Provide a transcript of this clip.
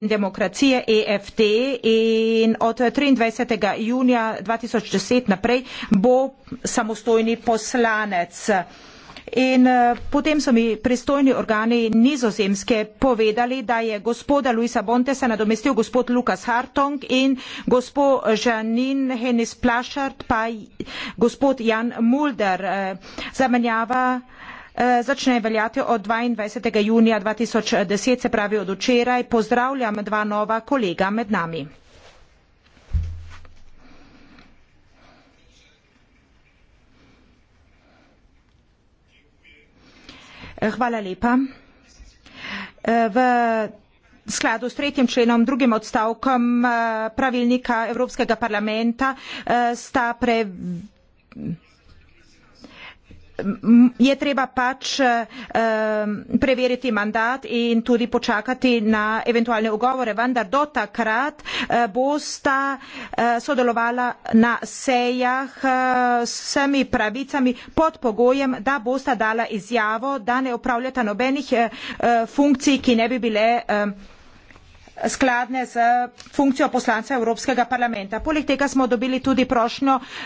demokracije EFT in od 23. junija 2010 naprej bo samostojni poslanec. In eh, potem so mi pristojni organi nizozemske povedali, da je gospoda Luisa Bontesa nadomestil gospod Lukas Hartong in gospod Žanin Henis Plašart pa gospod Jan Mulder. Eh, zamenjava Eh, začne veljati od 22. junija 2010, se pravi od včeraj. Pozdravljam dva nova kolega med nami. Eh, hvala lepa. Eh, v skladu s tretjim členom, drugim odstavkom pravilnika Evropskega parlamenta sta pre je treba pač um, preveriti mandat in tudi počakati na eventualne ugovore, vendar do takrat uh, bosta uh, sodelovala na sejah uh, s vsemi pravicami pod pogojem, da bosta dala izjavo, da ne upravljata nobenih uh, funkcij, ki ne bi bile. Uh, skladne z funkcijo poslanca Evropskega parlamenta. Poleg tega smo dobili tudi prošnjo